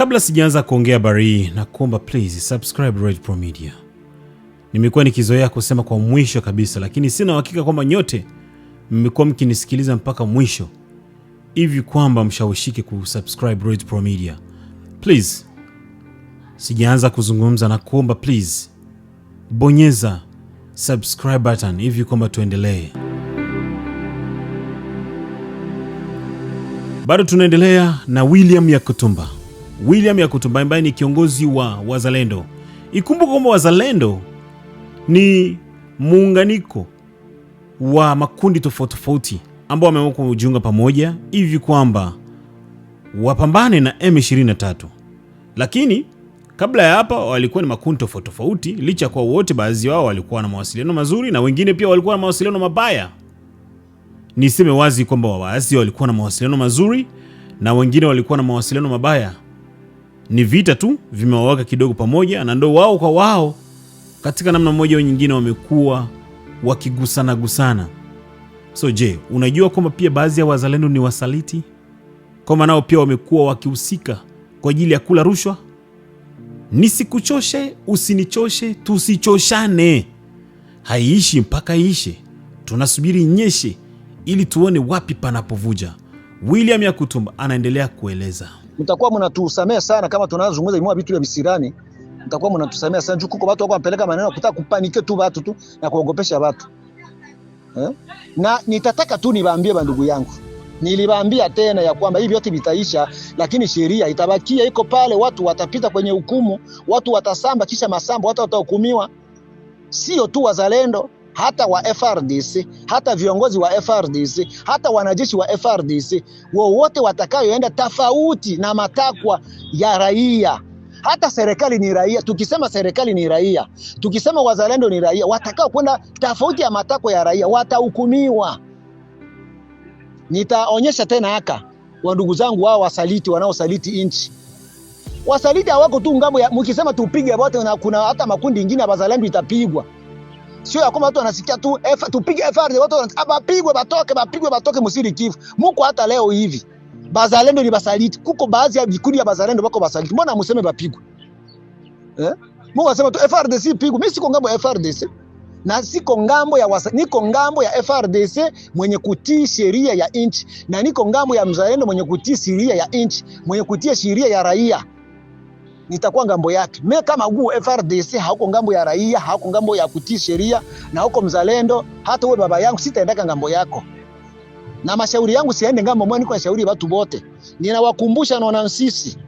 Kabla sijaanza kuongea hii na kuomba please subscribe Red Pro Media. Nimekuwa nikizoea kusema kwa mwisho kabisa, lakini sina uhakika kwamba nyote mmekuwa mkinisikiliza mpaka mwisho hivi kwamba mshawishike kusubscribe Red Pro Media. Please, sijaanza kuzungumza na kuomba please bonyeza subscribe button hivi kwamba tuendelee. Bado tunaendelea na William Yakutumba. William Yakutumba ambaye ni kiongozi wa wazalendo. Ikumbuka kwamba wazalendo ni muunganiko wa makundi tofauti tofauti ambao wameamua kujiunga pamoja hivi kwamba wapambane na M23, lakini kabla ya hapa walikuwa ni makundi tofauti tofauti, licha kwa wote, baadhi wao walikuwa na mawasiliano mazuri na wengine pia walikuwa na mawasiliano mabaya. Niseme wazi kwamba waasi walikuwa na mawasiliano mazuri na wengine walikuwa na mawasiliano mabaya ni vita tu vimewaweka kidogo pamoja, na ndo wao kwa wao katika namna moja au nyingine wamekuwa wakigusana gusana. So je, unajua kwamba pia baadhi ya wazalendo ni wasaliti, kwamba nao pia wamekuwa wakihusika kwa ajili ya kula rushwa? Nisikuchoshe, usinichoshe, tusichoshane. Haiishi mpaka iishe, tunasubiri nyeshe ili tuone wapi panapovuja. William Yakutum anaendelea kueleza, mtakuwa mnatusamea sana kama tunazungumza imwa vitu vya misirani. mtakuwa mnatusamea sana juu kuko watu wako wanapeleka maneno kutaka kupanike tu watu tu na kuogopesha watu eh? na nitataka tu nibaambie bandugu yangu Nilibaambia tena ya kwamba hivi yote vitaisha, lakini sheria itabakia iko pale. Watu watapita kwenye hukumu, watu watasamba, kisha masamba, watu watahukumiwa, sio tu wazalendo hata wa FRDC, hata viongozi wa FRDC, hata wanajeshi wa FRDC, wowote watakayoenda tofauti na matakwa ya raia hata serikali ni raia. Tukisema serikali ni raia, tukisema wazalendo ni raia, watakao kwenda tofauti ya matakwa ya raia watahukumiwa. Nitaonyesha tena haka wa ndugu zangu wao wasaliti, wanaosaliti nchi. Wasaliti hawako tu ngambo ya, mkisema tupige wote, na kuna hata makundi ingine ya wazalendo itapigwa sio ya kwamba watu wanasikia tu F, tupige FRD watu abapigwe ah, batoke bapigwe batoke msiri Kivu. Muko hata leo hivi bazalendo ni basaliti, kuko baadhi ya vikundi ya bazalendo bako basaliti. Mbona museme bapigwe eh? Mungu wasema tu FRDC pigu Mimi siko ngambo ya FRDC na siko ngambo ya wasa, niko ngambo ya FRDC mwenye kutii sheria ya inchi, na niko ngambo ya mzalendo mwenye kutii sheria ya inchi, mwenye kutii sheria ya raia nitakuwa ngambo yake. Mimi kama guo FRDC hauko ngambo ya raia, hauko ngambo ya kutii sheria na huko mzalendo, hata wewe baba yangu sitaendeka ngambo yako. Na mashauri yangu siende ngambo mwa, niko shauri watu wote. Ninawakumbusha naona sisi.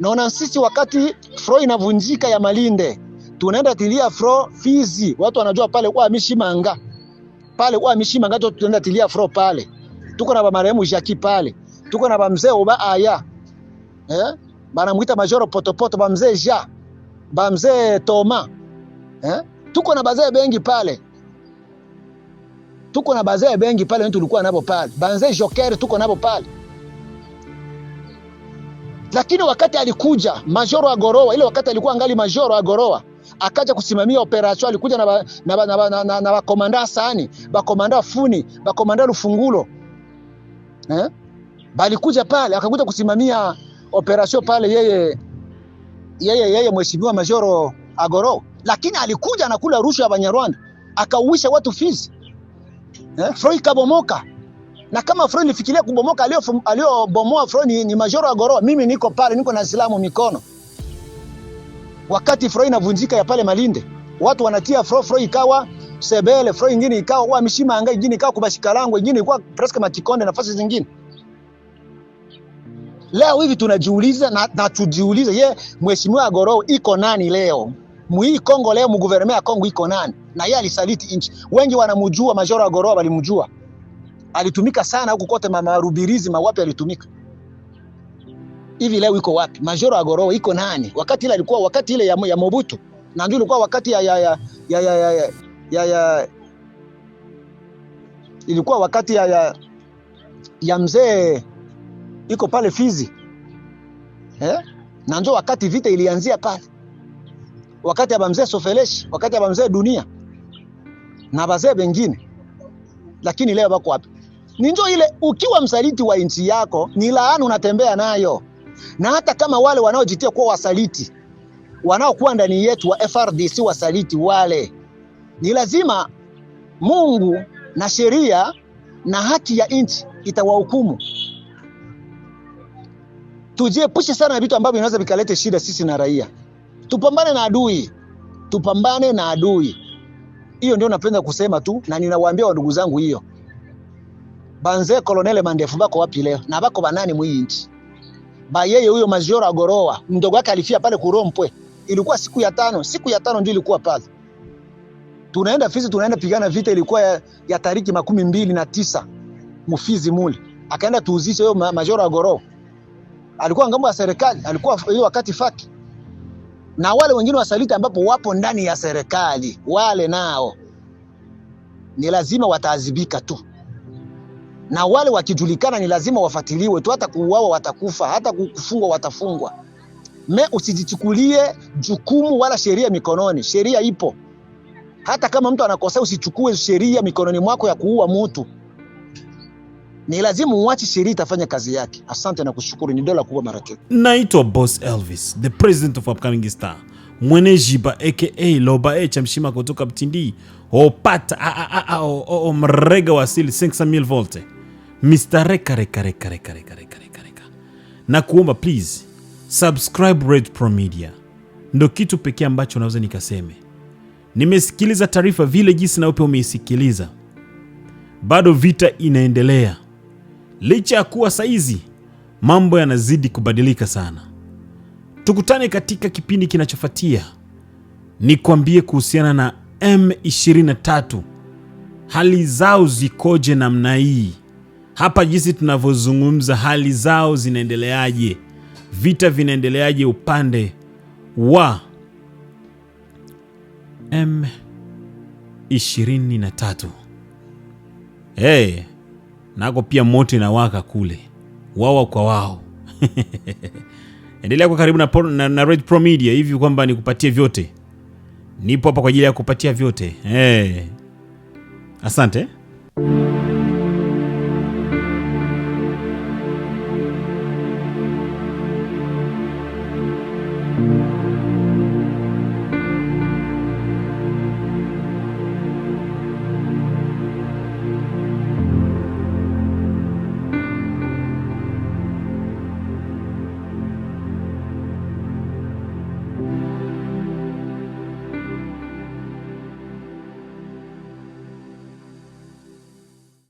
Naona sisi wakati fro inavunjika ya Malinde. Tunaenda tilia fro Fizi. Watu wanajua pale kwa mishimanga. Pale kwa mishimanga tunaenda tilia fro pale. Tuko na ba marehemu Jackie pale. Tuko na ba mzee Oba Aya. Eh? banamwita Majoro Potopoto, bamzee ja bamzee Toma eh? tuko na bazee bengi pale, tuko na bazee bengi pale, tulikuwa nabo pale, banzee Joker tuko nabo pale lakini wakati alikuja Majoro Agorowa, ile wakati alikuwa angali Majoro Agorowa, akaja kusimamia operation, alikuja na bakomanda na, na, na, na, na, na sani bakomanda funi bakomanda lufungulo eh? balikuja pale akakuja kusimamia operation pale yeye yeye yeye mheshimiwa Majoro Agoro, lakini alikuja anakula rushwa ya Banyarwanda akauisha watu Fizi eh, Froi kabomoka. Na kama Froi ilifikiria kubomoka, aliyobomoa Froi ni, ni Majoro Agoro. Mimi niko pale, niko na silamu mikono, wakati Froi inavunjika ya pale Malinde, watu wanatia Froi, Froi ikawa sebele, Froi nyingine ikawa wa mishima anga, nyingine ikawa kubashikalango, nyingine ikawa presque matikonde nafasi zingine Leo hivi tunajiuliza na, na tujiulize, ye mheshimiwa Gorou iko nani leo mwii Kongo leo mguvernema ya Kongo iko nani? Na yeye alisaliti nchi. Wengi wanamujua Majoro ya Gorou, walimjua alitumika sana huko kote, mama Rubirizi mawapi alitumika hivi. Leo iko wapi Majoro ya Gorou? Iko nani? Wakati ile alikuwa wakati ile ya, ya Mobutu na ndio ilikuwa wakati ya ya ya ya ya, ya, ya, ya, ya ilikuwa wakati ya ya, ya mzee iko pale Fizi eh? na njo wakati vita ilianzia pale, wakati ya bamzee Sofeleshi, wakati ya bamzee Dunia na bazee bengine, lakini leo bako wapi? Ni njo ile, ukiwa msaliti wa nchi yako ni laana unatembea nayo, na hata kama wale wanaojitia kuwa wasaliti wanaokuwa ndani yetu wa FRDC wasaliti wale, ni lazima Mungu na sheria na haki ya nchi itawahukumu tujiepushe sana na vitu ambavyo vinaweza vikalete shida sisi na raia. Tupambane na adui, tupambane na adui. Hiyo ndio napenda kusema tu, na ninawaambia wadugu zangu, hiyo banze Kolonele Mandefu bako wapi leo na bako banani mwii nchi ba yeye huyo majora agoroa mdogo wake alifia pale Kurompwe, ilikuwa siku ya tano, siku ya tano ndio ilikuwa pale. Tunaenda Fizi, tunaenda pigana vita, ilikuwa ya, ya tariki makumi mbili na tisa Mufizi muli akaenda tuuzishe huyo majora agoroa alikuwa ngambo ya serikali, alikuwa hiyo wakati faki, na wale wengine wasaliti ambapo wapo ndani ya serikali, wale nao ni lazima wataadhibika tu, na wale wakijulikana ni lazima wafatiliwe tu, hata kuuawa watakufa, hata kufungwa watafungwa. Me, usijichukulie jukumu wala sheria mikononi. Sheria ipo, hata kama mtu anakosea usichukue sheria mikononi mwako ya kuua mtu ni lazima uache sheria itafanya kazi yake. Asante na kushukuru, ni dola kubwa mara tu. Naitwa Boss Elvis, the president of upcoming star mwene jiba aka Loba e chamshima kutoka Mtindi opata o mrega wa asili 500000 volt Mr. Reka Reka Reka Reka Reka Reka Reka, na kuomba please subscribe Red Pro Media, ndo kitu pekee ambacho naweza nikaseme. Nimesikiliza taarifa vile jinsi na upe umeisikiliza, bado vita inaendelea licha ya kuwa saizi mambo yanazidi kubadilika sana. Tukutane katika kipindi kinachofuatia, nikwambie kuhusiana na M23 hali zao zikoje namna hii hapa, jinsi tunavyozungumza, hali zao zinaendeleaje, vita vinaendeleaje upande wa M23. Hey, nako pia moto inawaka kule, wawa kwa wao. Endelea kwa karibu na, na, na Red Pro Media hivi kwamba nikupatie vyote. Nipo hapa kwa ajili ya kupatia vyote. Hey. Eh. Asante.